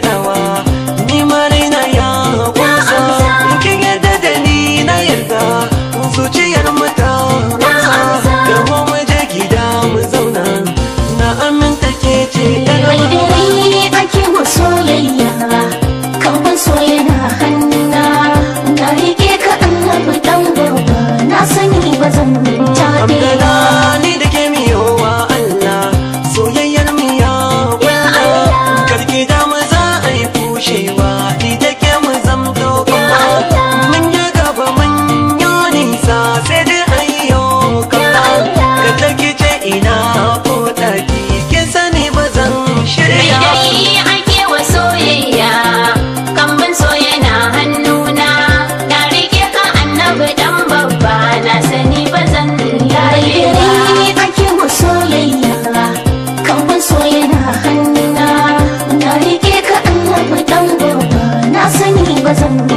want. wasn't